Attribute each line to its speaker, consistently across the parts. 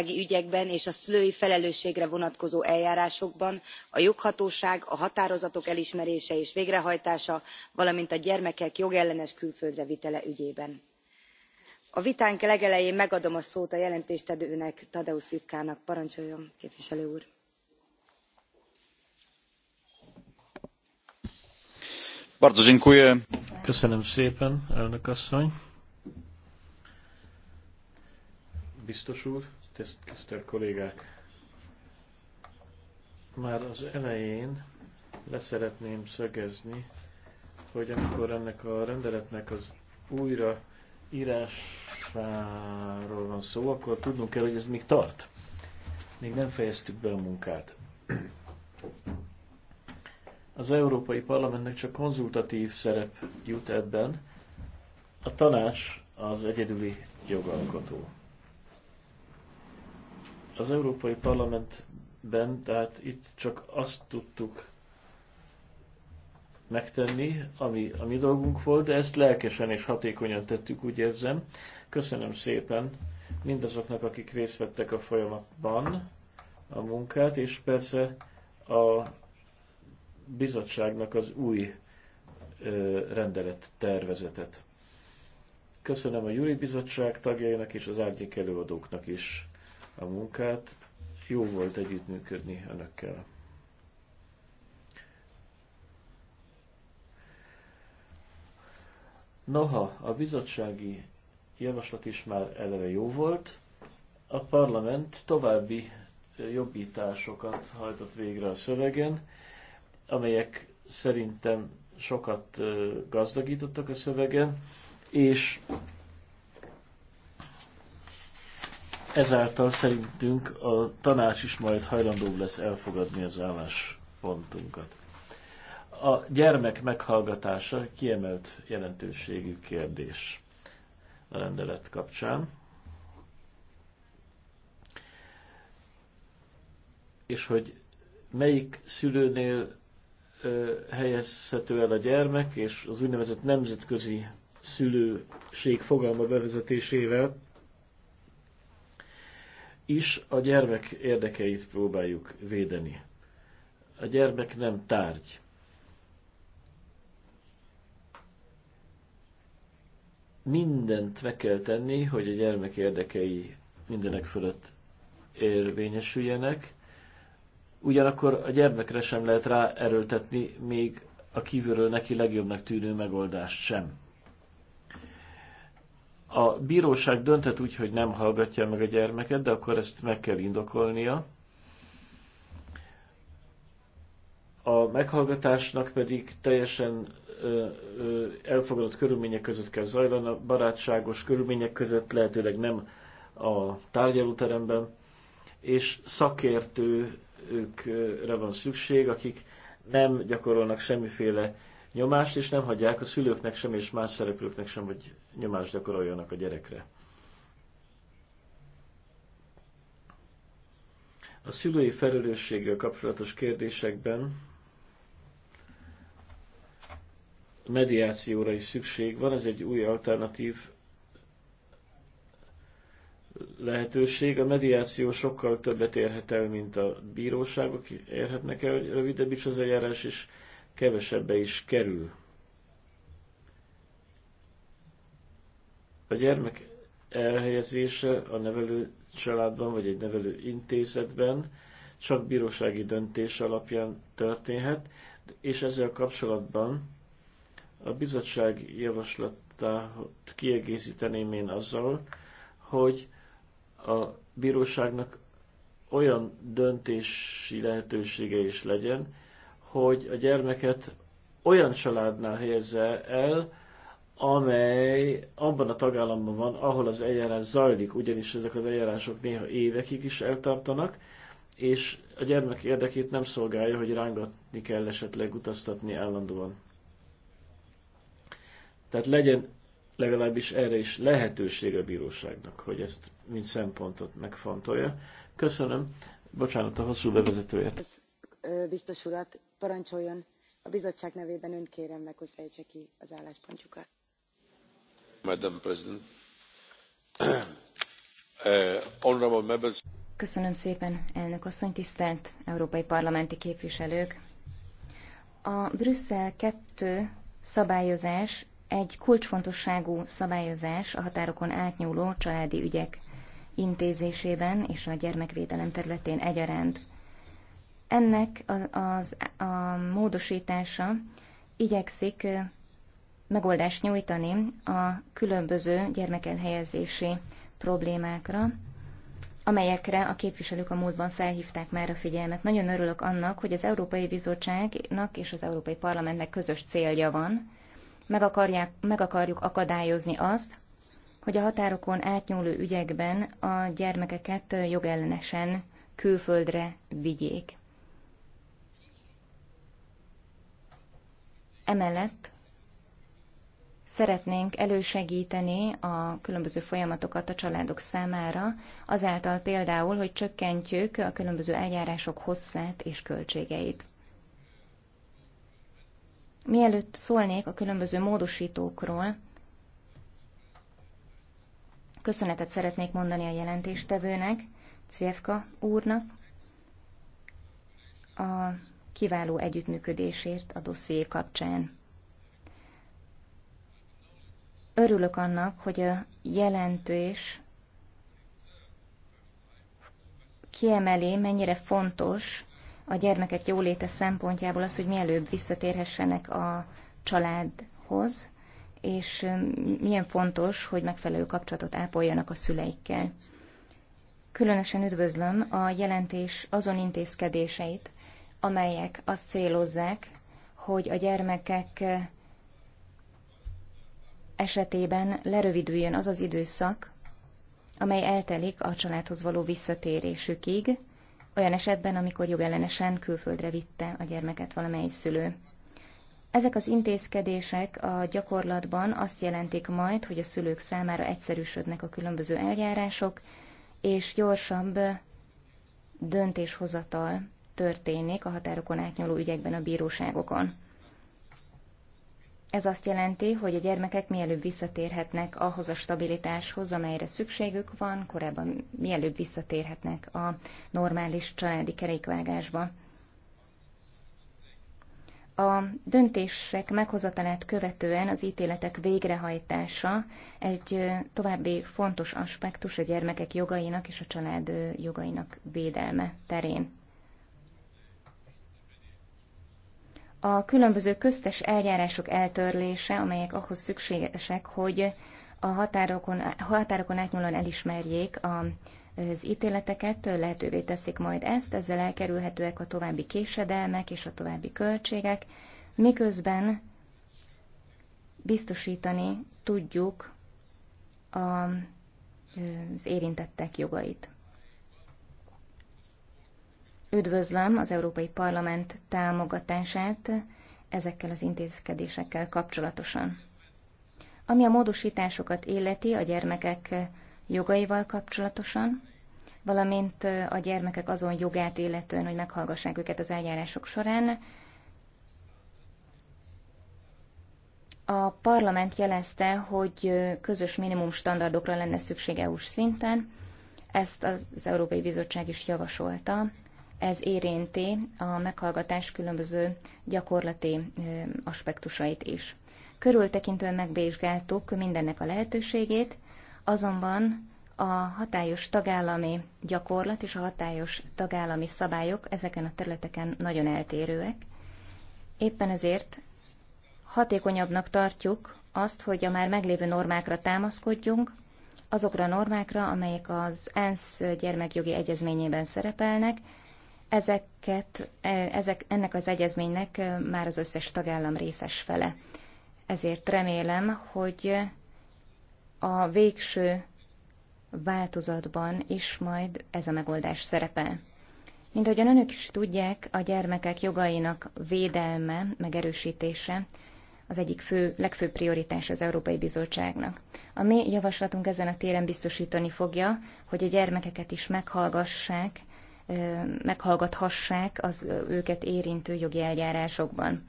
Speaker 1: ügyekben és a szülői felelősségre vonatkozó eljárásokban a joghatóság a határozatok elismerése és végrehajtása valamint a gyermekek jogellenes külföldre vitele ügyében. a vitánk legelején megadom a szót a jelentéstevőnek tadeusz zwiefkának. parancsoljon képviselő úr!
Speaker 2: Köszönöm szépen, elnök asszony! Biztos úr! tisztelt kollégák! Már az elején leszeretném szögezni, hogy amikor ennek a rendeletnek az újra írásáról van szó, akkor tudnunk kell, hogy ez még tart. Még nem fejeztük be a munkát. Az Európai Parlamentnek csak konzultatív szerep jut ebben, a tanács az egyedüli jogalkotó az Európai Parlamentben, tehát itt csak azt tudtuk megtenni, ami a mi dolgunk volt, de ezt lelkesen és hatékonyan tettük, úgy érzem. Köszönöm szépen mindazoknak, akik részt vettek a folyamatban a munkát, és persze a bizottságnak az új rendelet tervezetet. Köszönöm a Júri Bizottság tagjainak és az árnyék előadóknak is a munkát. Jó volt együttműködni önökkel. Noha a bizottsági javaslat is már eleve jó volt, a parlament további jobbításokat hajtott végre a szövegen, amelyek szerintem sokat gazdagítottak a szövegen, és ezáltal szerintünk a tanács is majd hajlandóbb lesz elfogadni az álláspontunkat. A gyermek meghallgatása kiemelt jelentőségű kérdés a rendelet kapcsán. És hogy melyik szülőnél ö, helyezhető el a gyermek, és az úgynevezett nemzetközi szülőség fogalma bevezetésével is a gyermek érdekeit próbáljuk védeni. A gyermek nem tárgy. Mindent meg kell tenni, hogy a gyermek érdekei mindenek fölött érvényesüljenek, ugyanakkor a gyermekre sem lehet rá erőltetni még a kívülről neki legjobbnak tűnő megoldást sem a bíróság döntet úgy, hogy nem hallgatja meg a gyermeket, de akkor ezt meg kell indokolnia. A meghallgatásnak pedig teljesen ö, ö, elfogadott körülmények között kell zajlani, barátságos körülmények között, lehetőleg nem a tárgyalóteremben, és szakértőkre van szükség, akik nem gyakorolnak semmiféle nyomást, és nem hagyják a szülőknek sem, és más szereplőknek sem, hogy nyomást gyakoroljanak a gyerekre. A szülői felelősséggel kapcsolatos kérdésekben mediációra is szükség van, ez egy új alternatív lehetőség. A mediáció sokkal többet érhet el, mint a bíróságok érhetnek el, rövidebb is az eljárás, és kevesebbe is kerül. A gyermek elhelyezése a nevelő családban vagy egy nevelő intézetben csak bírósági döntés alapján történhet, és ezzel kapcsolatban a bizottság javaslatát kiegészíteném én azzal, hogy a bíróságnak olyan döntési lehetősége is legyen, hogy a gyermeket olyan családnál helyezze el, amely abban a tagállamban van, ahol az eljárás zajlik, ugyanis ezek az eljárások néha évekig is eltartanak, és a gyermek érdekét nem szolgálja, hogy rángatni kell esetleg utaztatni állandóan. Tehát legyen legalábbis erre is lehetőség a bíróságnak, hogy ezt mint szempontot megfontolja. Köszönöm. Bocsánat a hosszú bevezetőért.
Speaker 1: Biztos urat, parancsoljon. A bizottság nevében önt kérem meg, hogy fejtse ki az álláspontjukat.
Speaker 3: Uh,
Speaker 4: Köszönöm szépen, elnök asszony, tisztelt európai parlamenti képviselők! A Brüsszel 2 szabályozás egy kulcsfontosságú szabályozás a határokon átnyúló családi ügyek intézésében és a gyermekvédelem területén egyaránt. Ennek az, az, a módosítása igyekszik megoldást nyújtani a különböző gyermekelhelyezési problémákra, amelyekre a képviselők a múltban felhívták már a figyelmet. Nagyon örülök annak, hogy az Európai Bizottságnak és az Európai Parlamentnek közös célja van. Meg, akarják, meg akarjuk akadályozni azt, hogy a határokon átnyúló ügyekben a gyermekeket jogellenesen külföldre vigyék. Emellett Szeretnénk elősegíteni a különböző folyamatokat a családok számára, azáltal például, hogy csökkentjük a különböző eljárások hosszát és költségeit. Mielőtt szólnék a különböző módosítókról, köszönetet szeretnék mondani a jelentéstevőnek, Cvjevka úrnak, a kiváló együttműködésért a dosszié kapcsán. Örülök annak, hogy a jelentős kiemeli, mennyire fontos a gyermekek jóléte szempontjából az, hogy mielőbb visszatérhessenek a családhoz, és milyen fontos, hogy megfelelő kapcsolatot ápoljanak a szüleikkel. Különösen üdvözlöm a jelentés azon intézkedéseit, amelyek azt célozzák, hogy a gyermekek esetében lerövidüljön az az időszak, amely eltelik a családhoz való visszatérésükig, olyan esetben, amikor jogellenesen külföldre vitte a gyermeket valamely szülő. Ezek az intézkedések a gyakorlatban azt jelentik majd, hogy a szülők számára egyszerűsödnek a különböző eljárások, és gyorsabb döntéshozatal történik a határokon átnyúló ügyekben a bíróságokon. Ez azt jelenti, hogy a gyermekek mielőbb visszatérhetnek ahhoz a stabilitáshoz, amelyre szükségük van, korábban mielőbb visszatérhetnek a normális családi kerékvágásba. A döntések meghozatalát követően az ítéletek végrehajtása egy további fontos aspektus a gyermekek jogainak és a család jogainak védelme terén. a különböző köztes eljárások eltörlése, amelyek ahhoz szükségesek, hogy a határokon, határokon átnyúlóan elismerjék a, az ítéleteket, lehetővé teszik majd ezt, ezzel elkerülhetőek a további késedelmek és a további költségek, miközben biztosítani tudjuk a, az érintettek jogait. Üdvözlöm az Európai Parlament támogatását ezekkel az intézkedésekkel kapcsolatosan. Ami a módosításokat illeti a gyermekek jogaival kapcsolatosan, valamint a gyermekek azon jogát illetően, hogy meghallgassák őket az eljárások során, a parlament jelezte, hogy közös minimum standardokra lenne szükség EU-s szinten, ezt az Európai Bizottság is javasolta ez érinti a meghallgatás különböző gyakorlati aspektusait is. Körültekintően megvizsgáltuk mindennek a lehetőségét, azonban a hatályos tagállami gyakorlat és a hatályos tagállami szabályok ezeken a területeken nagyon eltérőek. Éppen ezért hatékonyabbnak tartjuk azt, hogy a már meglévő normákra támaszkodjunk, azokra a normákra, amelyek az ENSZ gyermekjogi egyezményében szerepelnek, Ezeket, e, ezek, ennek az egyezménynek e, már az összes tagállam részes fele. Ezért remélem, hogy a végső változatban is majd ez a megoldás szerepel. Mint ahogyan önök is tudják, a gyermekek jogainak védelme, megerősítése az egyik fő, legfőbb prioritás az Európai Bizottságnak. A mi javaslatunk ezen a téren biztosítani fogja, hogy a gyermekeket is meghallgassák, meghallgathassák az őket érintő jogi eljárásokban.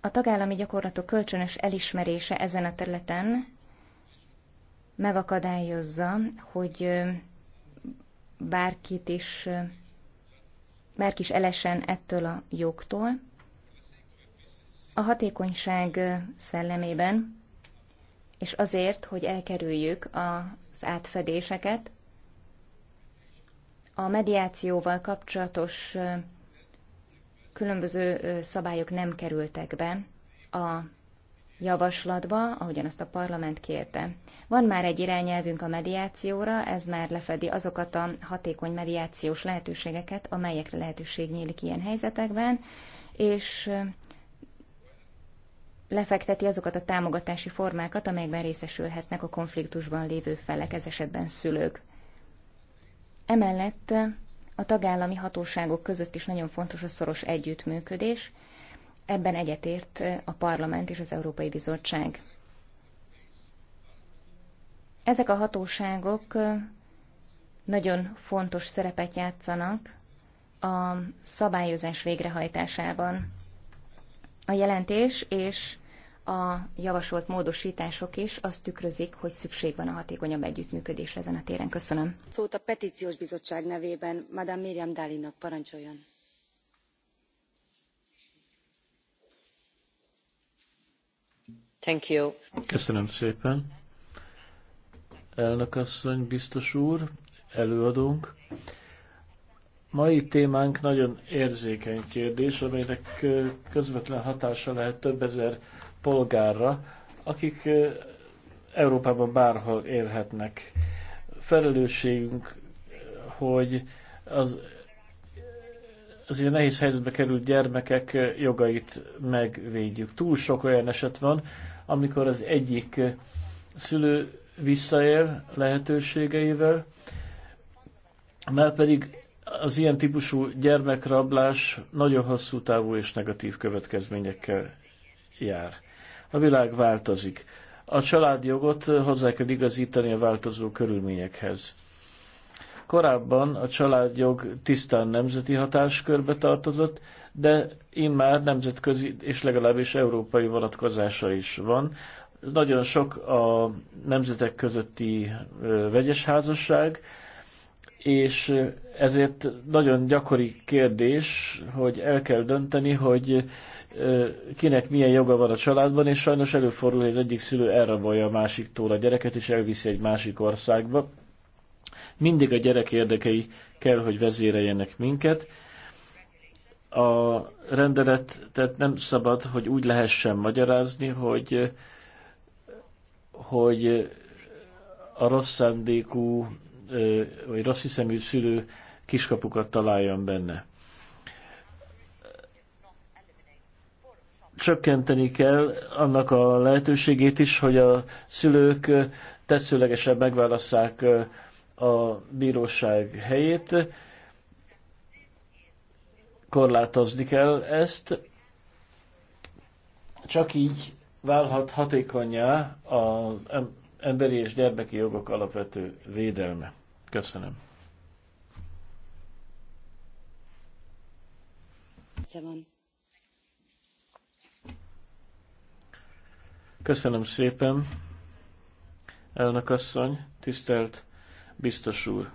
Speaker 4: A tagállami gyakorlatok kölcsönös elismerése ezen a területen megakadályozza, hogy bárkit is, bárki is elesen ettől a jogtól. A hatékonyság szellemében, és azért, hogy elkerüljük az átfedéseket, a mediációval kapcsolatos különböző szabályok nem kerültek be a javaslatba, ahogyan azt a parlament kérte. Van már egy irányelvünk a mediációra, ez már lefedi azokat a hatékony mediációs lehetőségeket, amelyekre lehetőség nyílik ilyen helyzetekben, és lefekteti azokat a támogatási formákat, amelyekben részesülhetnek a konfliktusban lévő felek, ez esetben szülők. Emellett a tagállami hatóságok között is nagyon fontos a szoros együttműködés, ebben egyetért a Parlament és az Európai Bizottság. Ezek a hatóságok nagyon fontos szerepet játszanak a szabályozás végrehajtásában. A jelentés és a javasolt módosítások is azt tükrözik, hogy szükség van a hatékonyabb együttműködésre ezen a téren. Köszönöm.
Speaker 1: Szót a Petíciós Bizottság nevében Madame Miriam Dálinak parancsoljon.
Speaker 2: Thank you. Köszönöm szépen. Elnök asszony, biztos úr, előadónk. Mai témánk nagyon érzékeny kérdés, amelynek közvetlen hatása lehet több ezer polgárra, akik Európában bárhol élhetnek. Felelősségünk, hogy az, az ilyen nehéz helyzetbe került gyermekek jogait megvédjük. Túl sok olyan eset van, amikor az egyik szülő visszaél lehetőségeivel, mert pedig az ilyen típusú gyermekrablás nagyon hosszú távú és negatív következményekkel jár. A világ változik. A családjogot hozzá kell igazítani a változó körülményekhez. Korábban a családjog tisztán nemzeti hatáskörbe tartozott, de immár nemzetközi és legalábbis európai vonatkozása is van. Nagyon sok a nemzetek közötti vegyes házasság, és ezért nagyon gyakori kérdés, hogy el kell dönteni, hogy kinek milyen joga van a családban, és sajnos előfordul, hogy az egyik szülő elrabolja a másiktól a gyereket, és elviszi egy másik országba. Mindig a gyerek érdekei kell, hogy vezéreljenek minket. A rendeletet nem szabad, hogy úgy lehessen magyarázni, hogy, hogy a rossz szándékú vagy rossz hiszemű szülő kiskapukat találjon benne csökkenteni kell annak a lehetőségét is, hogy a szülők tetszőlegesen megválasszák a bíróság helyét. Korlátozni kell ezt. Csak így válhat hatékonyá az emberi és gyermeki jogok alapvető védelme. Köszönöm. Köszönöm. Köszönöm szépen, elnök asszony, tisztelt biztos úr.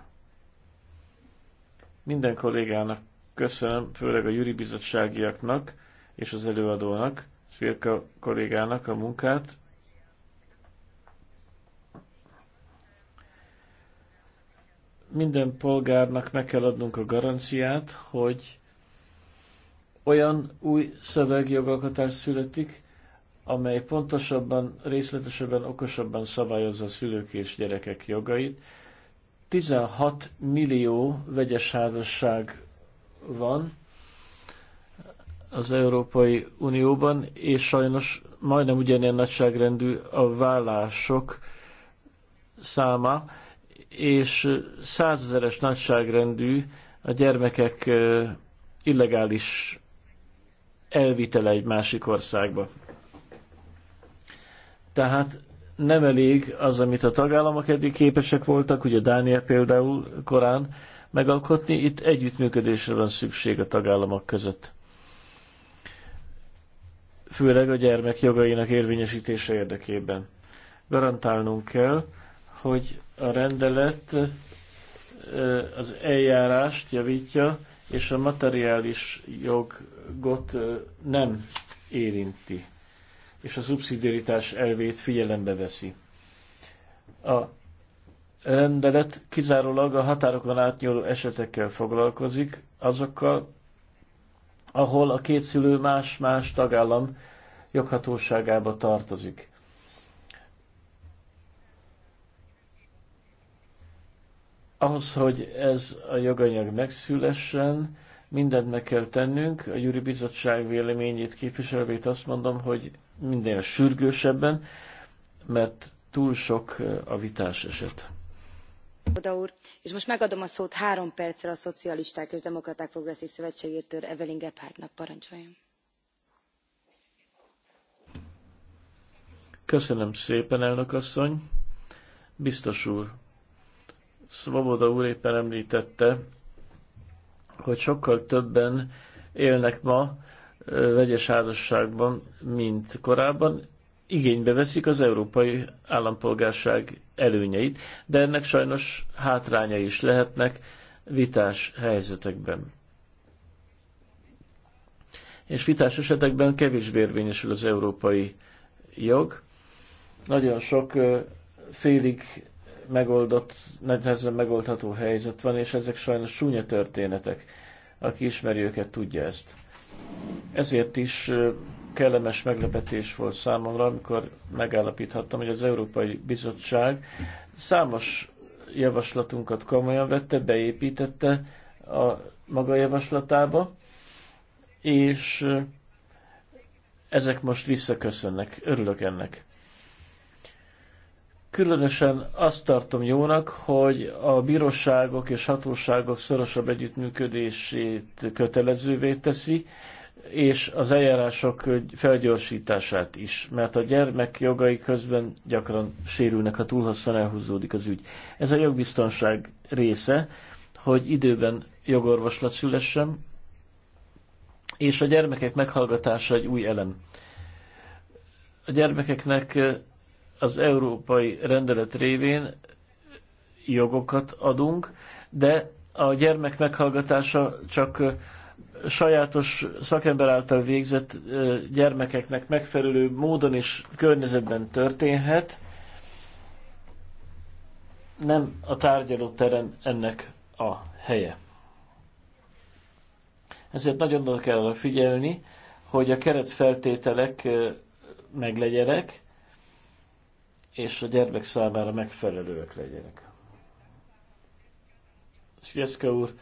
Speaker 2: Minden kollégának köszönöm, főleg a júri bizottságiaknak és az előadónak, Svirka kollégának a munkát. Minden polgárnak meg kell adnunk a garanciát, hogy olyan új szöveg születik, amely pontosabban, részletesebben, okosabban szabályozza a szülők és gyerekek jogait. 16 millió vegyes házasság van az Európai Unióban, és sajnos majdnem ugyanilyen nagyságrendű a vállások száma, és százezeres nagyságrendű a gyermekek illegális elvitele egy másik országba. Tehát nem elég az, amit a tagállamok eddig képesek voltak, ugye Dániel például korán megalkotni, itt együttműködésre van szükség a tagállamok között. Főleg a gyermek jogainak érvényesítése érdekében. Garantálnunk kell, hogy a rendelet az eljárást javítja, és a materiális jogot nem érinti és a szubszidiaritás elvét figyelembe veszi. A rendelet kizárólag a határokon átnyúló esetekkel foglalkozik, azokkal, ahol a két szülő más-más tagállam joghatóságába tartozik. Ahhoz, hogy ez a joganyag megszülessen, mindent meg kell tennünk. A Júri Bizottság véleményét képviselvét azt mondom, hogy minden sürgősebben, mert túl sok a vitás eset.
Speaker 1: Oda úr, és most megadom a szót három percre a Szocialisták és Demokraták Progresszív Szövetségétől Evelyn Gebhardtnak parancsoljon.
Speaker 2: Köszönöm szépen, elnök asszony. Biztos úr, Svoboda úr éppen említette, hogy sokkal többen élnek ma vegyes házasságban, mint korábban, igénybe veszik az európai állampolgárság előnyeit, de ennek sajnos hátrányai is lehetnek vitás helyzetekben. És vitás esetekben kevésbé érvényesül az európai jog. Nagyon sok félig megoldott, nehezen megoldható helyzet van, és ezek sajnos csúnya történetek. Aki ismeri őket, tudja ezt. Ezért is kellemes meglepetés volt számomra, amikor megállapíthattam, hogy az Európai Bizottság számos javaslatunkat komolyan vette, beépítette a maga javaslatába, és ezek most visszaköszönnek. Örülök ennek. Különösen azt tartom jónak, hogy a bíróságok és hatóságok szorosabb együttműködését kötelezővé teszi, és az eljárások felgyorsítását is, mert a gyermek jogai közben gyakran sérülnek, ha túl hosszan elhúzódik az ügy. Ez a jogbiztonság része, hogy időben jogorvoslat szülessen, és a gyermekek meghallgatása egy új elem. A gyermekeknek az európai rendelet révén jogokat adunk, de a gyermek meghallgatása csak sajátos szakember által végzett gyermekeknek megfelelő módon és környezetben történhet. Nem a tárgyalóterem ennek a helye. Ezért nagyon oda kell figyelni, hogy a keretfeltételek meglegyenek, és a gyermek számára megfelelőek legyenek. Szvjeszka úr,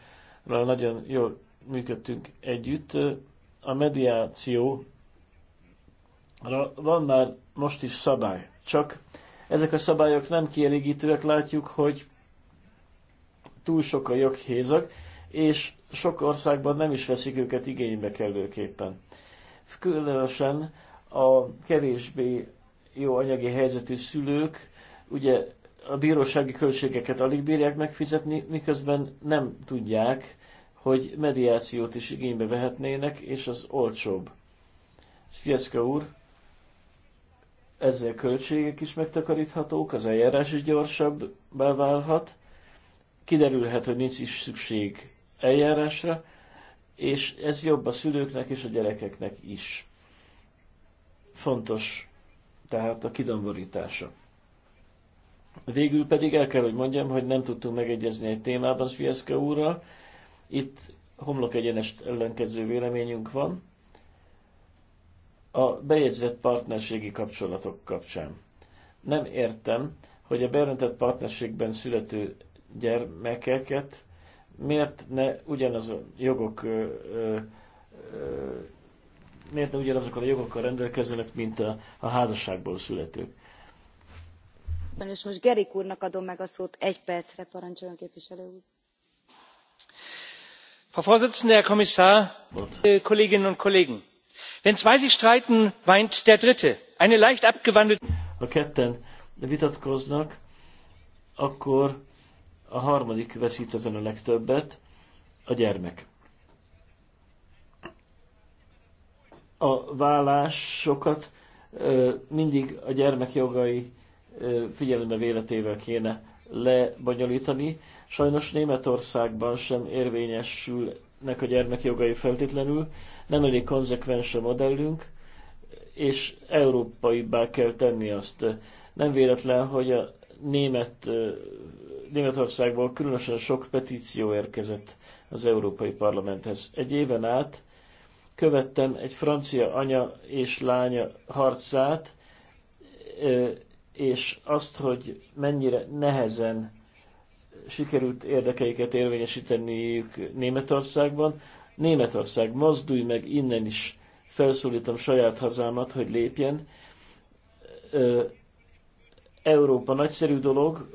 Speaker 2: nagyon jól működtünk együtt. A mediáció van már most is szabály, csak ezek a szabályok nem kielégítőek, látjuk, hogy túl sok a joghézak, és sok országban nem is veszik őket igénybe kellőképpen. Különösen a kevésbé jó anyagi helyzetű szülők ugye a bírósági költségeket alig bírják megfizetni, miközben nem tudják hogy mediációt is igénybe vehetnének, és az olcsóbb. Szfieszka úr, ezzel költségek is megtakaríthatók, az eljárás is gyorsabbá válhat, kiderülhet, hogy nincs is szükség eljárásra, és ez jobb a szülőknek és a gyerekeknek is. Fontos tehát a kidomborítása. Végül pedig el kell, hogy mondjam, hogy nem tudtunk megegyezni egy témában Svieszke úrral, itt homlok egyenest ellenkező véleményünk van a bejegyzett partnerségi kapcsolatok kapcsán. Nem értem, hogy a bejelentett partnerségben születő gyermekeket miért ne ugyanaz a jogok ö, ö, miért ne ugyanazokkal a jogokkal rendelkezzenek, mint a, a házasságból születők.
Speaker 1: És most Gerik úrnak adom meg a szót egy percre, parancsoljon képviselő úr
Speaker 3: frau präsidentin herr kommissar liebe äh, kolleginnen und kollegen!
Speaker 2: wenn zwei sich streiten weint der dritte. eine leicht abgewandelte. ha ketten vitatkoznak akkor a harmadik veszít ezen a legtöbbet a gyermek. A vállásokat mindig a gyermek jogai figyelembe véletével kéne lebonyolítani. Sajnos Németországban sem érvényesülnek a gyermek jogai feltétlenül, nem elég konzekvens a modellünk, és európaibbá kell tenni azt. Nem véletlen, hogy a német, Németországból különösen sok petíció érkezett az Európai Parlamenthez. Egy éven át követtem egy francia anya és lánya harcát, és azt, hogy mennyire nehezen sikerült érdekeiket érvényesíteniük Németországban. Németország, mozdulj meg innen is, felszólítom saját hazámat, hogy lépjen. Európa nagyszerű dolog,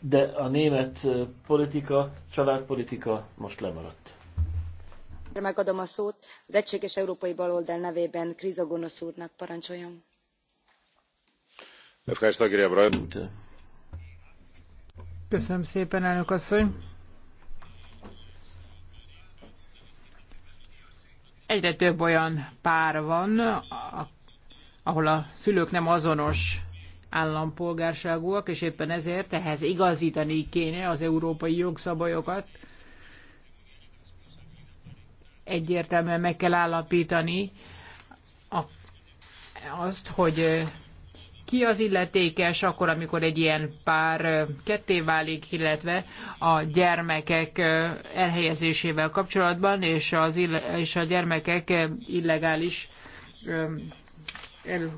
Speaker 2: de a német politika, családpolitika most lemaradt.
Speaker 1: Megadom a szót az Egységes Európai Baloldal nevében Krizogonosz úrnak parancsoljon
Speaker 3: Köszönöm szépen, elnök asszony. Egyre több olyan pár van, ahol a szülők nem azonos állampolgárságúak, és éppen ezért ehhez igazítani kéne az európai jogszabályokat. Egyértelműen meg kell állapítani azt, hogy ki az illetékes akkor, amikor egy ilyen pár ketté válik, illetve a gyermekek elhelyezésével kapcsolatban, és, az és a gyermekek illegális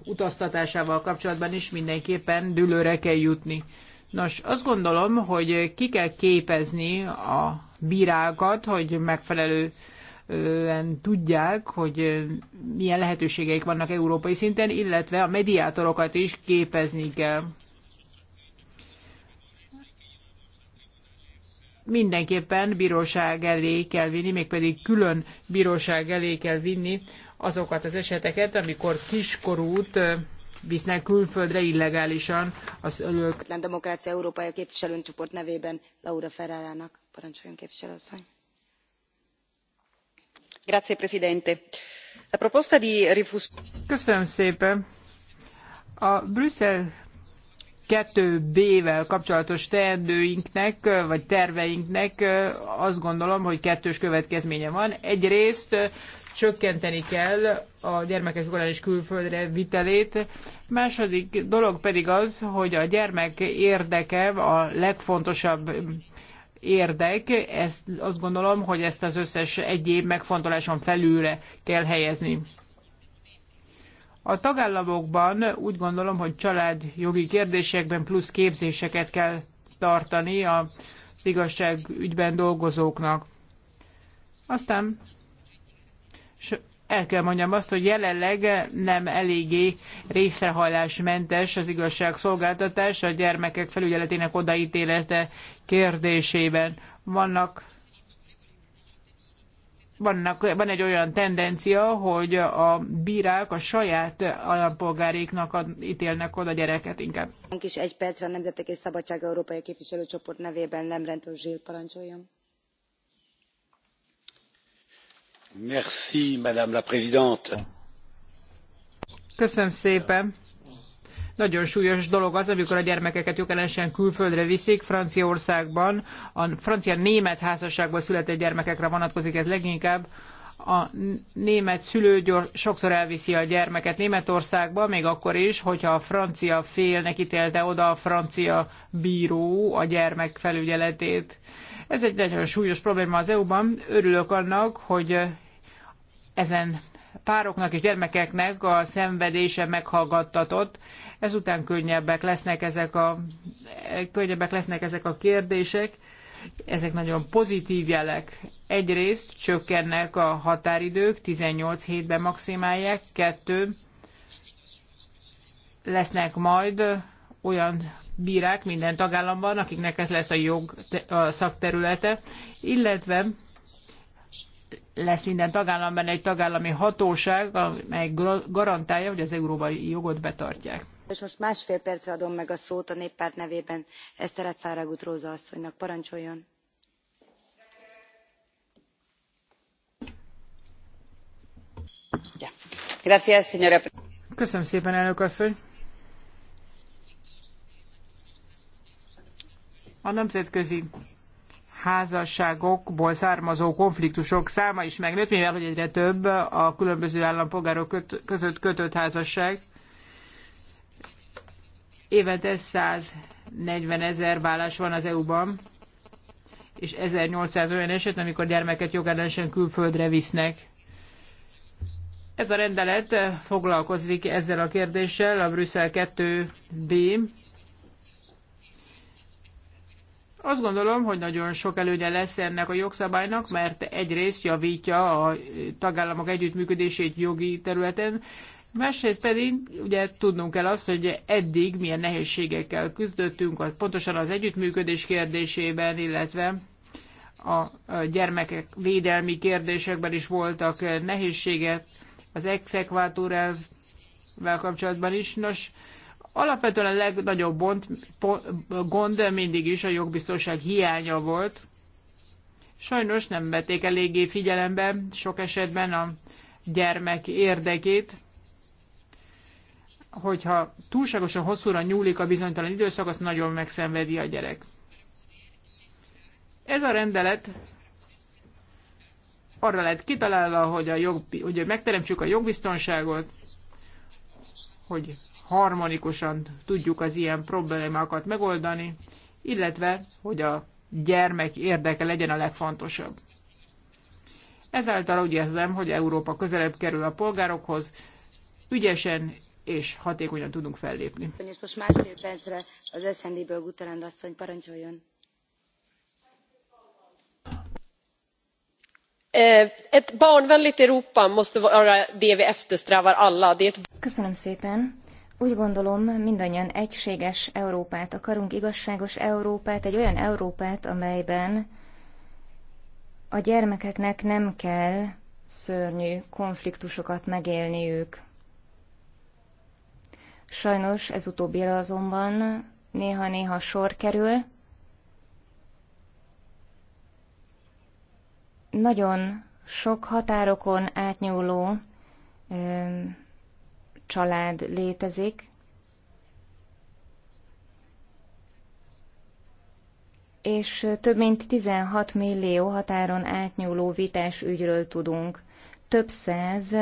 Speaker 3: utaztatásával kapcsolatban is mindenképpen dülőre kell jutni. Nos, azt gondolom, hogy ki kell képezni a bírákat, hogy megfelelő tudják, hogy milyen lehetőségeik vannak európai szinten, illetve a mediátorokat is képezni kell. Mindenképpen bíróság elé kell vinni, mégpedig külön bíróság elé kell vinni azokat az eseteket, amikor kiskorút visznek külföldre illegálisan a szülők.
Speaker 1: Demokrácia Európai Képviselőncsoport nevében Laura Ferrárának
Speaker 3: parancsoljon képviselőasszony. Köszönöm szépen. a brüsszel ii b vel kapcsolatos teendőinknek vagy terveinknek azt gondolom hogy kettős következménye van egyrészt csökkenteni kell a gyermekek korális külföldre vitelét. Második dolog pedig az, hogy a gyermek érdeke a legfontosabb érdek, ezt, azt gondolom, hogy ezt az összes egyéb megfontoláson felülre kell helyezni. A tagállamokban úgy gondolom, hogy családjogi kérdésekben plusz képzéseket kell tartani az igazságügyben dolgozóknak. Aztán el kell mondjam azt, hogy jelenleg nem eléggé részrehajlásmentes az igazságszolgáltatás a gyermekek felügyeletének odaítélete kérdésében. Vannak vannak, van egy olyan tendencia, hogy a bírák a saját állampolgáréknak ítélnek oda gyereket inkább.
Speaker 1: Kis egy percre a Nemzetek és Szabadság Európai Képviselőcsoport nevében Lemrentő Zsil
Speaker 3: parancsoljon Köszönöm szépen. Nagyon súlyos dolog az, amikor a gyermekeket jogellenesen külföldre viszik. Franciaországban a francia-német házasságban született gyermekekre vonatkozik ez leginkább a német szülő gyors, sokszor elviszi a gyermeket Németországba, még akkor is, hogyha a francia félnek ítélte oda a francia bíró a gyermek felügyeletét. Ez egy nagyon súlyos probléma az EU-ban. Örülök annak, hogy ezen pároknak és gyermekeknek a szenvedése meghallgattatott. Ezután könnyebbek lesznek ezek a, könnyebbek lesznek ezek a kérdések ezek nagyon pozitív jelek. Egyrészt csökkennek a határidők, 18 hétben maximálják, kettő, lesznek majd olyan bírák minden tagállamban, akiknek ez lesz a jog a szakterülete, illetve lesz minden tagállamban egy tagállami hatóság, amely garantálja, hogy az európai jogot betartják
Speaker 1: és most másfél percre adom meg a szót a néppárt nevében esteret farragut Róza asszonynak. Parancsoljon!
Speaker 3: Köszönöm szépen, elnök asszony! A nemzetközi házasságokból származó konfliktusok száma is megnőtt, mivel hogy egyre több a különböző állampolgárok között kötött házasság. Évente 140 ezer vállás van az EU-ban, és 1800 olyan eset, amikor gyermeket jogellenesen külföldre visznek. Ez a rendelet foglalkozik ezzel a kérdéssel, a Brüsszel 2b. Azt gondolom, hogy nagyon sok előnye lesz ennek a jogszabálynak, mert egyrészt javítja a tagállamok együttműködését jogi területen, Másrészt pedig ugye tudnunk kell azt, hogy eddig milyen nehézségekkel küzdöttünk, pontosan az együttműködés kérdésében, illetve a gyermekek védelmi kérdésekben is voltak nehézségek, az exekvátor elvvel kapcsolatban is. Nos, alapvetően a legnagyobb bont, pont, gond mindig is a jogbiztonság hiánya volt. Sajnos nem vették eléggé figyelembe sok esetben a gyermek érdekét hogyha túlságosan hosszúra nyúlik a bizonytalan időszak, azt nagyon megszenvedi a gyerek. Ez a rendelet arra lett kitalálva, hogy, a jog, hogy megteremtsük a jogbiztonságot, hogy harmonikusan tudjuk az ilyen problémákat megoldani, illetve, hogy a gyermek érdeke legyen a legfontosabb. Ezáltal úgy érzem, hogy Európa közelebb kerül a polgárokhoz, ügyesen és hatékonyan tudunk fellépni. És most
Speaker 1: másfél percre az SZND-ből Guterand asszony parancsoljon.
Speaker 4: Eh, ett barnvänligt Europa måste vara det vi eftersträvar alla. Det Köszönöm szépen. Úgy gondolom, mindannyian egységes Európát akarunk, igazságos Európát, egy olyan Európát, amelyben a gyermekeknek nem kell szörnyű konfliktusokat megélniük. Sajnos ez utóbbira azonban néha-néha sor kerül. Nagyon sok határokon átnyúló ö, család létezik, és több mint 16 millió határon átnyúló vitás ügyről tudunk. Több száz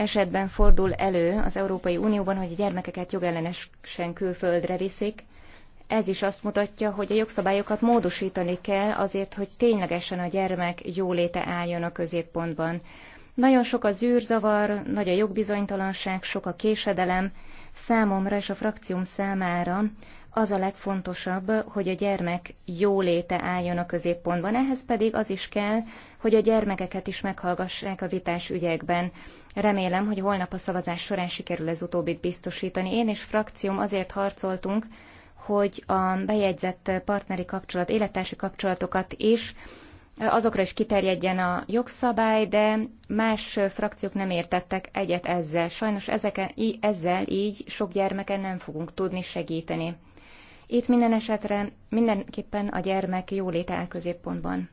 Speaker 4: esetben fordul elő az Európai Unióban, hogy a gyermekeket jogellenesen külföldre viszik. Ez is azt mutatja, hogy a jogszabályokat módosítani kell azért, hogy ténylegesen a gyermek jóléte álljon a középpontban. Nagyon sok a zűrzavar, nagy a jogbizonytalanság, sok a késedelem. Számomra és a frakcióm számára az a legfontosabb, hogy a gyermek jóléte álljon a középpontban. Ehhez pedig az is kell, hogy a gyermekeket is meghallgassák a vitás ügyekben. Remélem, hogy holnap a szavazás során sikerül ez utóbbit biztosítani. Én és frakcióm azért harcoltunk, hogy a bejegyzett partneri kapcsolat, élettársi kapcsolatokat is azokra is kiterjedjen a jogszabály, de más frakciók nem értettek egyet ezzel. Sajnos ezeken, ezzel így sok gyermeken nem fogunk tudni segíteni. Itt minden esetre mindenképpen a gyermek jólét áll középpontban.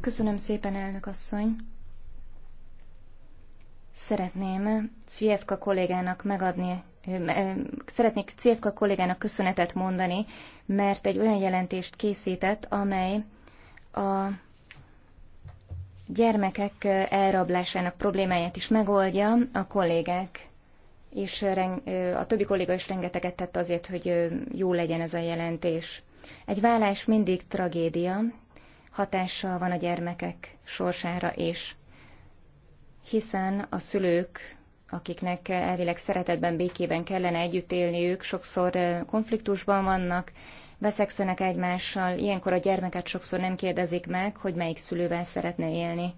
Speaker 4: Köszönöm szépen, elnök asszony. Szeretném Cvjevka kollégának megadni Szeretnék Cvjevka kollégának köszönetet mondani, mert egy olyan jelentést készített, amely a gyermekek elrablásának problémáját is megoldja, a kollégák és a többi kolléga is rengeteget tett azért, hogy jó legyen ez a jelentés. Egy vállás mindig tragédia, hatással van a gyermekek sorsára is, hiszen a szülők, akiknek elvileg szeretetben, békében kellene együtt élniük, sokszor konfliktusban vannak, veszekszenek egymással, ilyenkor a gyermeket sokszor nem kérdezik meg, hogy melyik szülővel szeretne élni.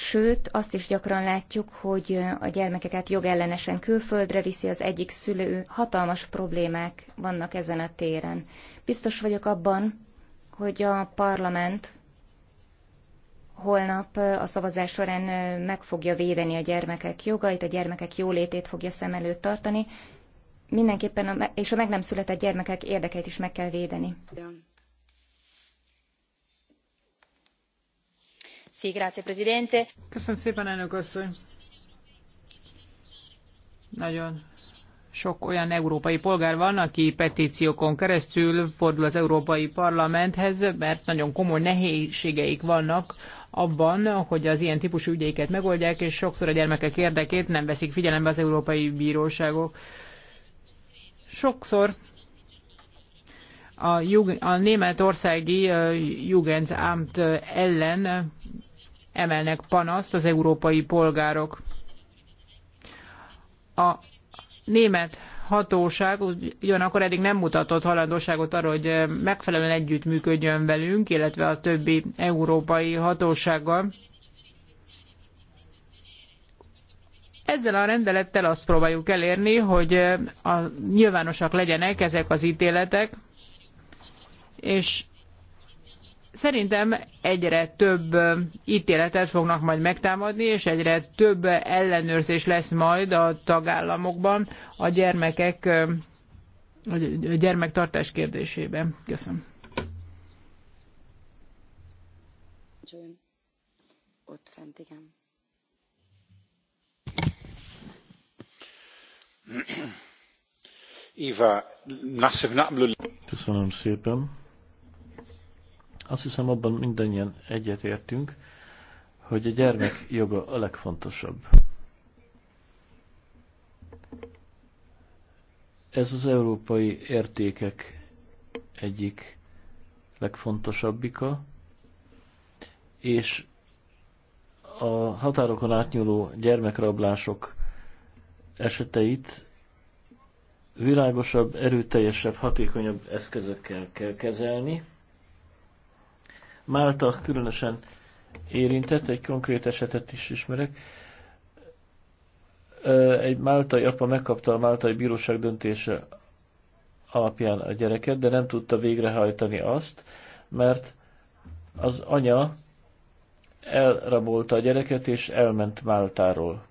Speaker 4: Sőt, azt is gyakran látjuk, hogy a gyermekeket jogellenesen külföldre viszi az egyik szülő. Hatalmas problémák vannak ezen a téren. Biztos vagyok abban, hogy a parlament holnap a szavazás során meg fogja védeni a gyermekek jogait, a gyermekek jólétét fogja szem előtt tartani, mindenképpen a, és a meg nem született gyermekek érdekeit is meg kell védeni.
Speaker 3: Köszönöm szépen, elnök asszony. Nagyon sok olyan európai polgár van, aki petíciókon keresztül fordul az Európai Parlamenthez, mert nagyon komoly nehézségeik vannak abban, hogy az ilyen típusú ügyeiket megoldják, és sokszor a gyermekek érdekét nem veszik figyelembe az európai bíróságok. Sokszor a, jug, a németországi Jugendamt ellen emelnek panaszt az európai polgárok. A német hatóság ugyanakkor eddig nem mutatott halandóságot arra, hogy megfelelően együttműködjön velünk, illetve a többi európai hatósággal. Ezzel a rendelettel azt próbáljuk elérni, hogy a nyilvánosak legyenek ezek az ítéletek, és Szerintem egyre több ítéletet fognak majd megtámadni, és egyre több ellenőrzés lesz majd a tagállamokban a gyermekek a gyermektartás kérdésében. Köszönöm.
Speaker 1: Ott fent, igen.
Speaker 2: Köszönöm szépen. Azt hiszem, abban mindannyian egyetértünk, hogy a gyermek joga a legfontosabb. Ez az európai értékek egyik legfontosabbika, és a határokon átnyúló gyermekrablások eseteit világosabb, erőteljesebb, hatékonyabb eszközökkel kell kezelni. Málta különösen érintett, egy konkrét esetet is ismerek. Egy máltai apa megkapta a máltai bíróság döntése alapján a gyereket, de nem tudta végrehajtani azt, mert az anya elrabolta a gyereket és elment Máltáról.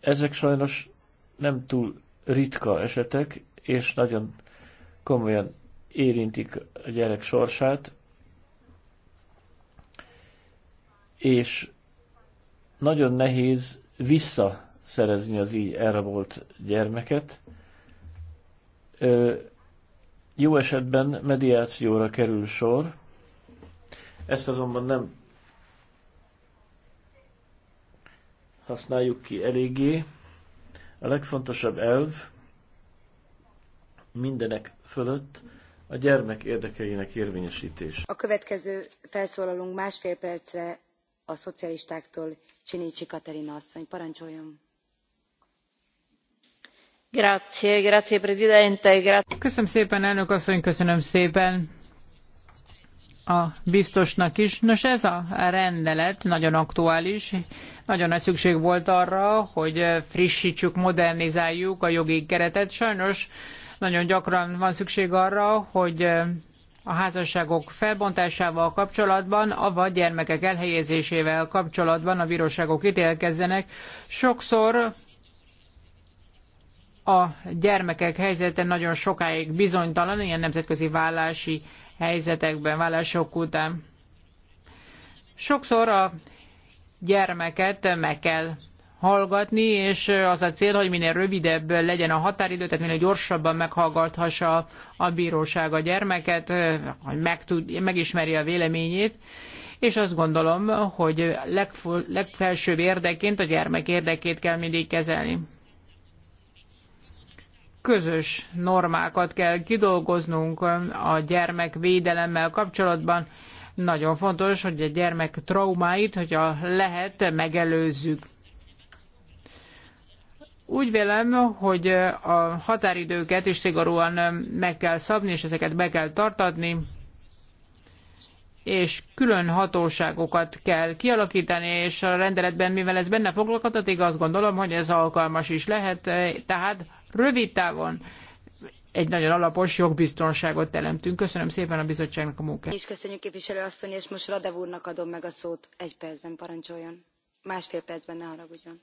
Speaker 2: Ezek sajnos nem túl ritka esetek, és nagyon komolyan érintik a gyerek sorsát, és nagyon nehéz visszaszerezni az így elrabolt gyermeket. Jó esetben mediációra kerül sor, ezt azonban nem használjuk ki eléggé. A legfontosabb elv mindenek fölött a gyermek érdekeinek érvényesítés.
Speaker 1: A következő felszólalunk másfél percre a szocialistáktól Csinicsi Katerina asszony. Parancsoljon!
Speaker 3: Grazie, grazie Presidente. Grazie. Köszönöm szépen, elnök asszony, köszönöm szépen a biztosnak is. Nos, ez a rendelet nagyon aktuális. Nagyon nagy szükség volt arra, hogy frissítsük, modernizáljuk a jogi keretet. Sajnos nagyon gyakran van szükség arra, hogy a házasságok felbontásával kapcsolatban, avagy gyermekek elhelyezésével kapcsolatban a bíróságok ítélkezzenek. Sokszor a gyermekek helyzete nagyon sokáig bizonytalan, ilyen nemzetközi vállási helyzetekben, vállások után. Sokszor a gyermeket meg kell hallgatni, és az a cél, hogy minél rövidebb legyen a határidő, tehát minél gyorsabban meghallgathassa a bíróság a gyermeket, hogy meg tud, megismerje a véleményét, és azt gondolom, hogy legfelsőbb érdeként a gyermek érdekét kell mindig kezelni. Közös normákat kell kidolgoznunk a gyermek védelemmel kapcsolatban. Nagyon fontos, hogy a gyermek traumáit, hogyha lehet, megelőzzük úgy vélem, hogy a határidőket is szigorúan meg kell szabni, és ezeket be kell tartatni, és külön hatóságokat kell kialakítani, és a rendeletben, mivel ez benne foglalkoztatik azt gondolom, hogy ez alkalmas is lehet, tehát rövid távon egy nagyon alapos jogbiztonságot teremtünk. Köszönöm szépen a bizottságnak a munkát. És
Speaker 1: köszönjük képviselő asszony, és most Radev úrnak adom meg a szót. Egy percben parancsoljon. Másfél percben ne haragudjon.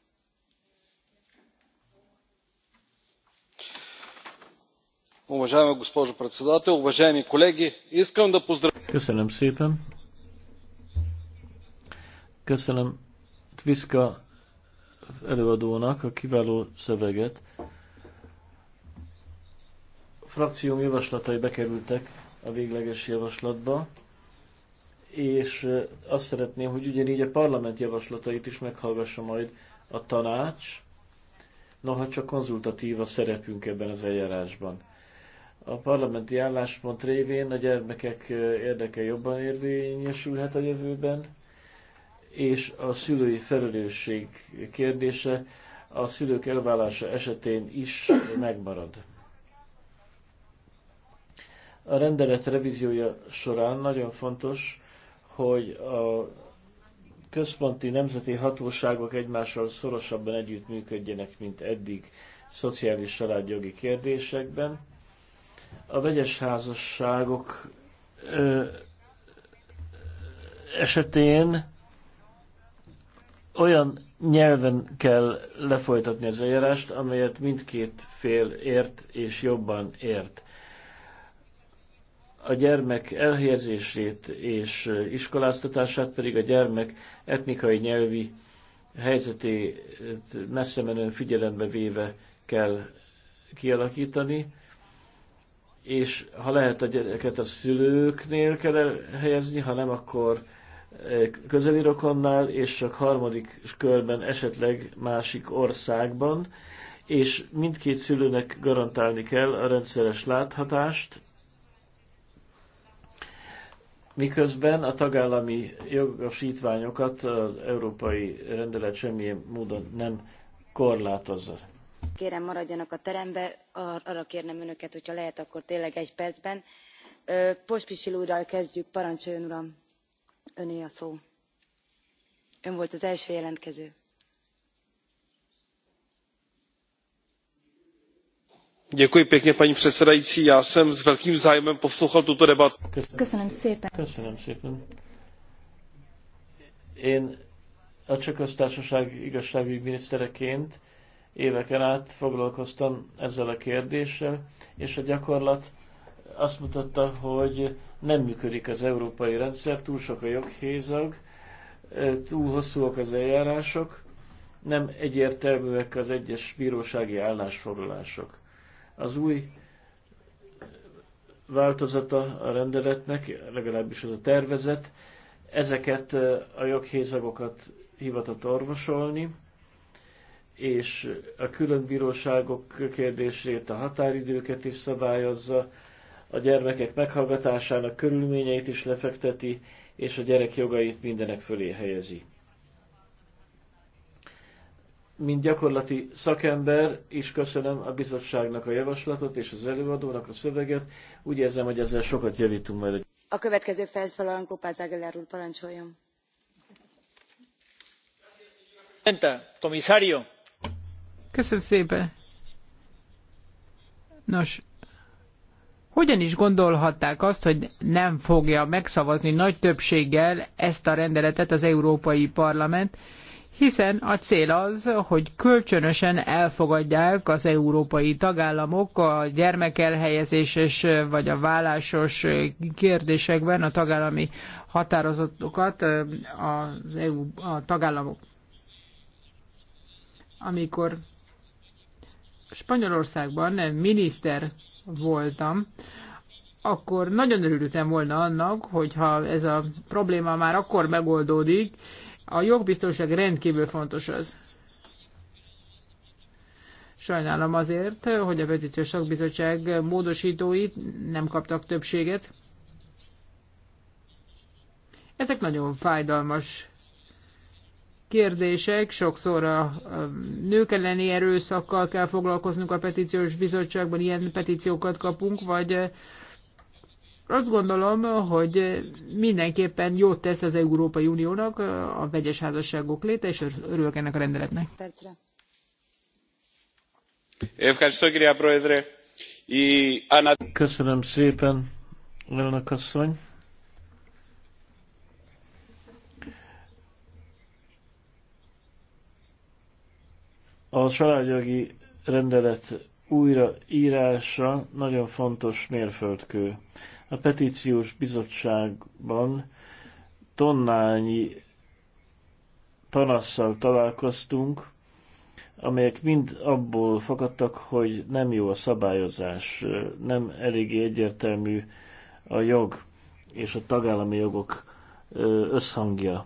Speaker 2: Köszönöm szépen. Köszönöm Tviska előadónak a kiváló szöveget. A frakcióm javaslatai bekerültek a végleges javaslatba, és azt szeretném, hogy ugyanígy a parlament javaslatait is meghallgassa majd a tanács, noha csak konzultatív a szerepünk ebben az eljárásban a parlamenti álláspont révén a gyermekek érdeke jobban érvényesülhet a jövőben, és a szülői felelősség kérdése a szülők elválása esetén is megmarad. A rendelet revíziója során nagyon fontos, hogy a központi nemzeti hatóságok egymással szorosabban együttműködjenek, mint eddig szociális családjogi kérdésekben a vegyes házasságok esetén olyan nyelven kell lefolytatni az eljárást, amelyet mindkét fél ért és jobban ért. A gyermek elhelyezését és iskoláztatását pedig a gyermek etnikai nyelvi helyzetét messze menően figyelembe véve kell kialakítani és ha lehet a gyereket a szülőknél kell helyezni, ha nem, akkor e, közeli rokonnál, és csak harmadik körben esetleg másik országban, és mindkét szülőnek garantálni kell a rendszeres láthatást, miközben a tagállami jogosítványokat az európai rendelet semmilyen módon nem korlátozza.
Speaker 1: Kérem, maradjanak a teremben, arra kérnem önöket, hogyha lehet, akkor tényleg egy percben. Pospisil úrral kezdjük, parancsoljon uram, öné a szó. Ön volt az első jelentkező.
Speaker 2: paní předsedající já jsem s velkým zájmem poslouchal tuto debatu. én a cseh igazságügyi minisztereként éveken át foglalkoztam ezzel a kérdéssel, és a gyakorlat azt mutatta, hogy nem működik az európai rendszer, túl sok a joghézag, túl hosszúak az eljárások, nem egyértelműek az egyes bírósági állásfoglalások. Az új változata a rendeletnek, legalábbis az a tervezet, ezeket a joghézagokat hivatott orvosolni, és a külön bíróságok kérdését, a határidőket is szabályozza, a gyermekek meghallgatásának körülményeit is lefekteti, és a gyerek jogait mindenek fölé helyezi. Mint gyakorlati szakember is köszönöm a bizottságnak a javaslatot és az előadónak a szöveget. Úgy érzem, hogy ezzel sokat javítunk majd.
Speaker 1: A következő felszólalónk López Ágeler úr parancsoljon.
Speaker 2: Comisario
Speaker 3: Köszönöm szépen. Nos, hogyan is gondolhatták azt, hogy nem fogja megszavazni nagy többséggel ezt a rendeletet az Európai Parlament, hiszen a cél az, hogy kölcsönösen elfogadják az európai tagállamok a gyermekelhelyezéses vagy a vállásos kérdésekben a tagállami határozatokat az EU, a tagállamok. Amikor Spanyolországban miniszter voltam, akkor nagyon örültem volna annak, hogyha ez a probléma már akkor megoldódik, a jogbiztonság rendkívül fontos az. Sajnálom azért, hogy a petíciós szakbizottság módosítói nem kaptak többséget. Ezek nagyon fájdalmas kérdések, sokszor a nők elleni erőszakkal kell foglalkoznunk a petíciós bizottságban, ilyen petíciókat kapunk, vagy azt gondolom, hogy mindenképpen jót tesz az Európai Uniónak a vegyes házasságok léte, és örülök ennek a rendeletnek.
Speaker 2: Köszönöm szépen, elnök asszony. A családjogi rendelet újraírása nagyon fontos mérföldkő. A petíciós bizottságban tonnányi panasszal találkoztunk, amelyek mind abból fakadtak, hogy nem jó a szabályozás, nem eléggé egyértelmű a jog és a tagállami jogok összhangja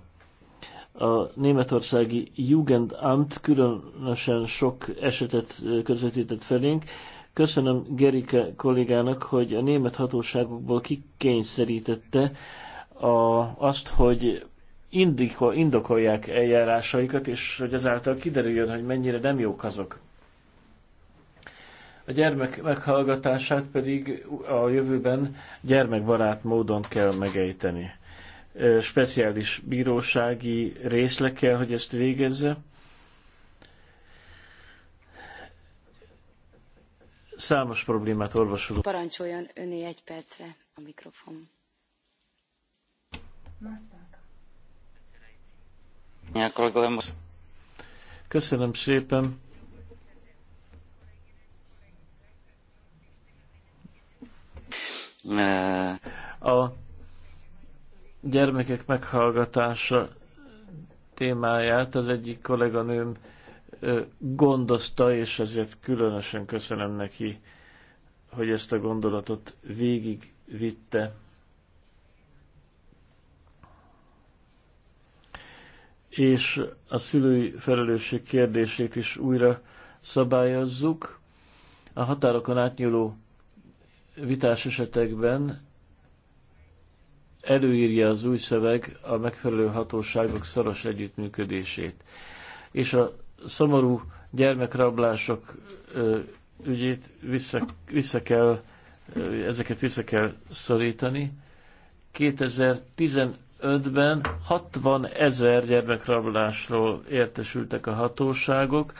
Speaker 2: a németországi Jugendamt különösen sok esetet közvetített felénk. Köszönöm Gerike kollégának, hogy a német hatóságokból kikényszerítette a, azt, hogy indiko, indokolják eljárásaikat, és hogy ezáltal kiderüljön, hogy mennyire nem jók azok. A gyermek meghallgatását pedig a jövőben gyermekbarát módon kell megejteni speciális bírósági le kell, hogy ezt végezze. Számos problémát orvosolunk.
Speaker 1: Parancsoljon öné egy percre a mikrofon.
Speaker 2: Köszönöm szépen. A gyermekek meghallgatása témáját az egyik kolléganőm gondozta, és ezért különösen köszönöm neki, hogy ezt a gondolatot végig vitte. És a szülői felelősség kérdését is újra szabályozzuk. A határokon átnyúló vitás esetekben előírja az új szöveg a megfelelő hatóságok szoros együttműködését. És a szomorú gyermekrablások ügyét vissza, vissza kell, ezeket vissza kell szorítani. 2015-ben 60 ezer gyermekrablásról értesültek a hatóságok.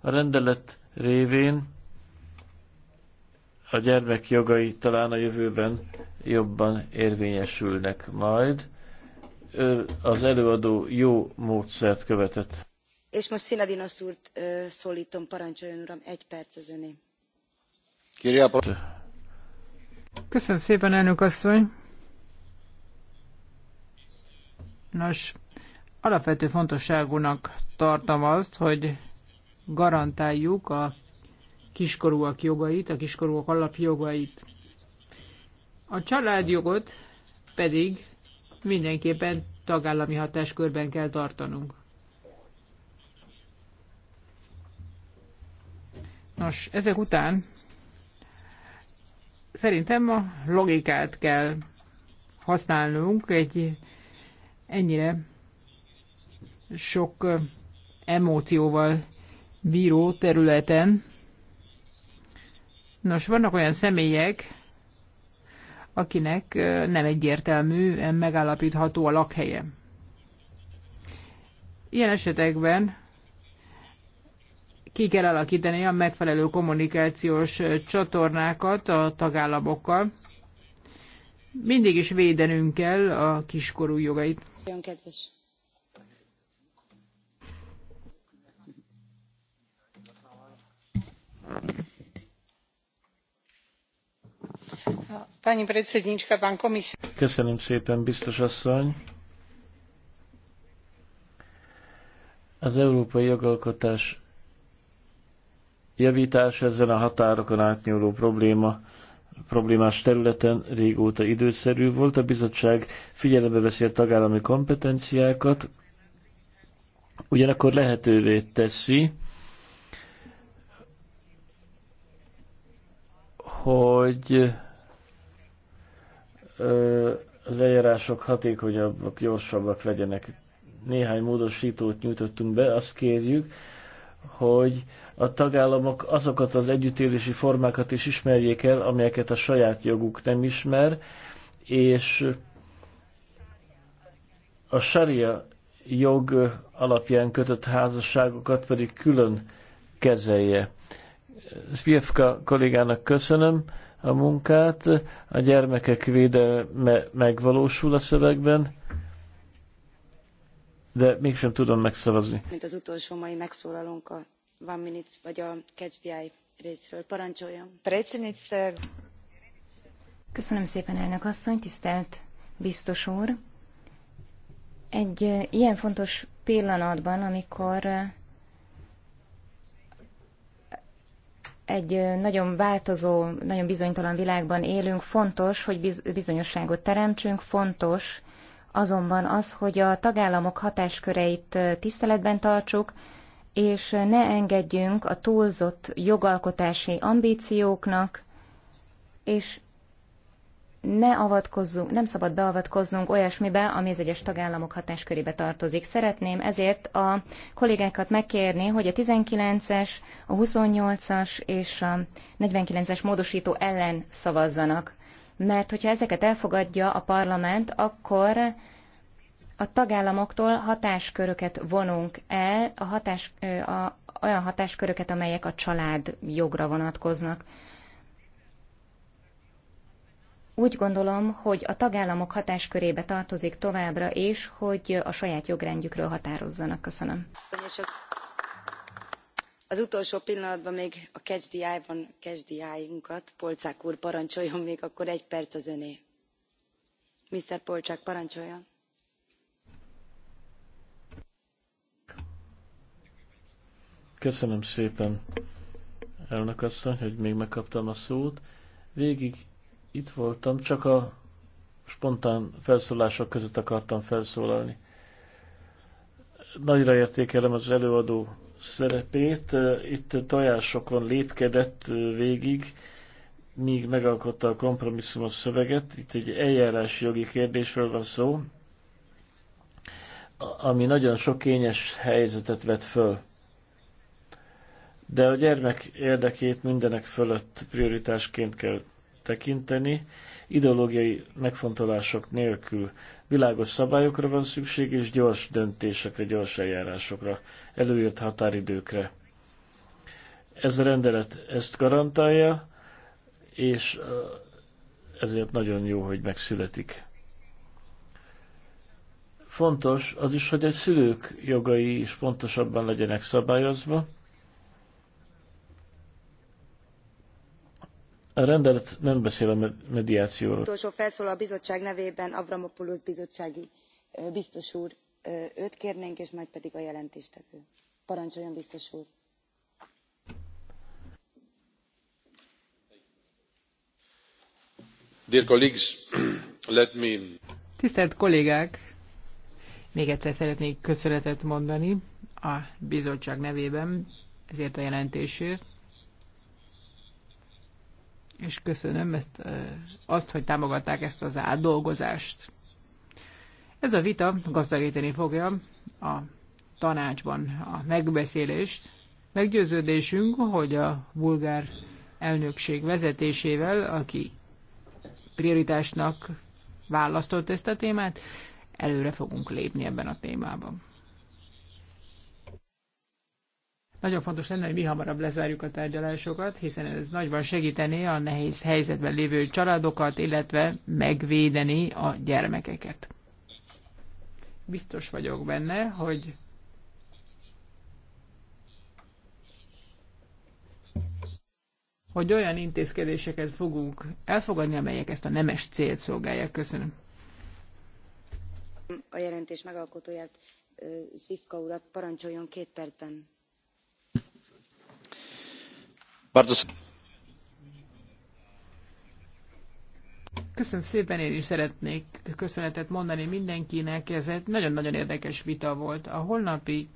Speaker 2: A rendelet révén a gyermek jogai talán a jövőben jobban érvényesülnek majd. Az előadó jó módszert követett.
Speaker 1: És most Szinadinosz úrt szólítom, parancsoljon uram, egy perc az öné.
Speaker 3: Köszönöm szépen, elnök asszony. Nos, alapvető fontosságúnak tartom azt, hogy garantáljuk a kiskorúak jogait, a kiskorúak alapjogait. A családjogot pedig mindenképpen tagállami hatáskörben kell tartanunk. Nos, ezek után szerintem a logikát kell használnunk egy ennyire sok emócióval bíró területen, Nos, vannak olyan személyek, akinek nem egyértelmű, megállapítható a lakhelye. Ilyen esetekben ki kell alakítani a megfelelő kommunikációs csatornákat a tagállamokkal. Mindig is védenünk kell a kiskorú jogait.
Speaker 1: Jön, kedves.
Speaker 2: Thank you. Köszönöm szépen, biztos asszony. Az európai jogalkotás javítása ezen a határokon átnyúló probléma problémás területen régóta időszerű volt. A bizottság figyelembe veszi a tagállami kompetenciákat, ugyanakkor lehetővé teszi, hogy az eljárások hatékonyabbak, gyorsabbak legyenek. Néhány módosítót nyújtottunk be, azt kérjük, hogy a tagállamok azokat az együttélési formákat is ismerjék el, amelyeket a saját joguk nem ismer, és a saria jog alapján kötött házasságokat pedig külön kezelje. Zvievka kollégának köszönöm a munkát, a gyermekek védelme megvalósul a szövegben, de mégsem tudom megszavazni.
Speaker 1: Mint az utolsó mai megszólalónk a One Minutes vagy a Catch the Eye részről. Parancsoljon!
Speaker 4: Köszönöm szépen, elnök asszony, tisztelt biztos úr! Egy eh, ilyen fontos pillanatban, amikor eh, egy nagyon változó, nagyon bizonytalan világban élünk, fontos, hogy bizonyosságot teremtsünk, fontos azonban az, hogy a tagállamok hatásköreit tiszteletben tartsuk, és ne engedjünk a túlzott jogalkotási ambícióknak, és ne avatkozzunk, nem szabad beavatkoznunk olyasmibe, ami az egyes tagállamok hatáskörébe tartozik. Szeretném ezért a kollégákat megkérni, hogy a 19-es, a 28-as és a 49-es módosító ellen szavazzanak. Mert hogyha ezeket elfogadja a parlament, akkor a tagállamoktól hatásköröket vonunk el, a hatás, a, olyan hatásköröket, amelyek a család jogra vonatkoznak. Úgy gondolom, hogy a tagállamok hatáskörébe tartozik továbbra is, hogy a saját jogrendjükről határozzanak. Köszönöm.
Speaker 1: És az, az utolsó pillanatban még a KSDI-ban KSDI-unkat, Polcák úr parancsoljon még, akkor egy perc az öné. Mr. Polcsák, parancsoljon.
Speaker 2: Köszönöm szépen, elnök asszony, hogy még megkaptam a szót. Végig itt voltam, csak a spontán felszólások között akartam felszólalni. Nagyra értékelem az előadó szerepét. Itt tojásokon lépkedett végig, míg megalkotta a kompromisszumos szöveget. Itt egy eljárási jogi kérdésről van szó, ami nagyon sok kényes helyzetet vet föl. De a gyermek érdekét mindenek fölött prioritásként kell tekinteni, ideológiai megfontolások nélkül. Világos szabályokra van szükség, és gyors döntésekre, gyors eljárásokra, előírt határidőkre. Ez a rendelet ezt garantálja, és ezért nagyon jó, hogy megszületik. Fontos az is, hogy egy szülők jogai is pontosabban legyenek szabályozva, A rendelet nem beszél a mediációról. Utolsó
Speaker 1: felszólal a bizottság nevében Avramopoulos bizottsági biztos úr. Őt kérnénk, és majd pedig a jelentéstevő. Parancsoljon, biztos úr! Dear colleagues, let me...
Speaker 3: Tisztelt kollégák! Még egyszer szeretnék köszönetet mondani a bizottság nevében ezért a jelentésért és köszönöm ezt, azt, hogy támogatták ezt az átdolgozást. Ez a vita gazdagítani fogja a tanácsban a megbeszélést. Meggyőződésünk, hogy a bulgár elnökség vezetésével, aki prioritásnak választott ezt a témát, előre fogunk lépni ebben a témában. Nagyon fontos lenne, hogy mi hamarabb lezárjuk a tárgyalásokat, hiszen ez nagyban segítené a nehéz helyzetben lévő családokat, illetve megvédeni a gyermekeket. Biztos vagyok benne, hogy hogy olyan intézkedéseket fogunk elfogadni, amelyek ezt a nemes célt szolgálják. Köszönöm.
Speaker 1: A jelentés megalkotóját, Zivka urat parancsoljon két percben.
Speaker 3: Köszönöm szépen, én is szeretnék köszönetet mondani mindenkinek, ez egy nagyon-nagyon érdekes vita volt. A holnapi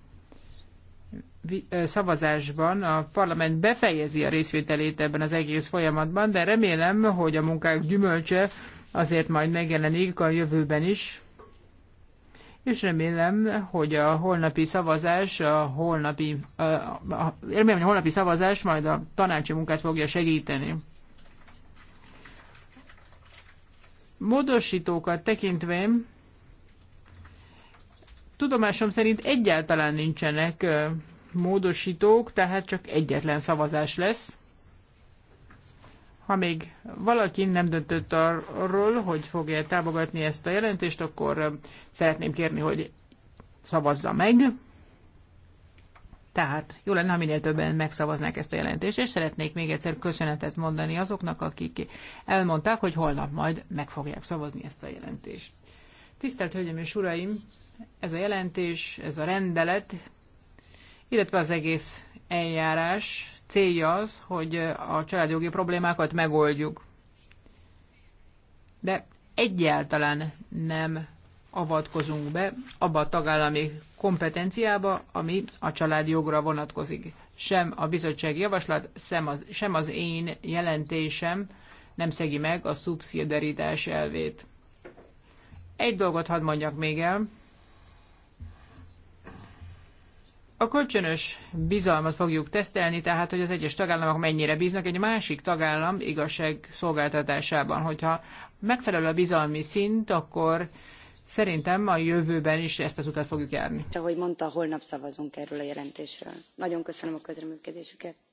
Speaker 3: szavazásban a parlament befejezi a részvételét ebben az egész folyamatban, de remélem, hogy a munkák gyümölcse azért majd megjelenik a jövőben is és remélem, hogy a holnapi szavazás, a holnapi, a, a, remélem, hogy a holnapi szavazás majd a tanácsi munkát fogja segíteni. Módosítókat tekintve, tudomásom szerint egyáltalán nincsenek módosítók, tehát csak egyetlen szavazás lesz. Ha még valaki nem döntött arról, hogy fogja támogatni ezt a jelentést, akkor szeretném kérni, hogy szavazza meg. Tehát jó lenne, ha minél többen megszavaznák ezt a jelentést, és szeretnék még egyszer köszönetet mondani azoknak, akik elmondták, hogy holnap majd meg fogják szavazni ezt a jelentést. Tisztelt Hölgyeim és Uraim, ez a jelentés, ez a rendelet, illetve az egész eljárás célja az, hogy a családjogi problémákat megoldjuk. De egyáltalán nem avatkozunk be abba a tagállami kompetenciába, ami a családjogra vonatkozik. Sem a bizottsági javaslat, sem az, sem az én jelentésem nem szegi meg a szubszidaritás elvét. Egy dolgot hadd mondjak még el, A kölcsönös bizalmat fogjuk tesztelni, tehát hogy az egyes tagállamok mennyire bíznak egy másik tagállam igazság szolgáltatásában. Hogyha megfelelő a bizalmi szint, akkor szerintem a jövőben is ezt az utat fogjuk járni.
Speaker 1: Ahogy mondta, holnap szavazunk erről a jelentésről. Nagyon köszönöm a közreműködésüket.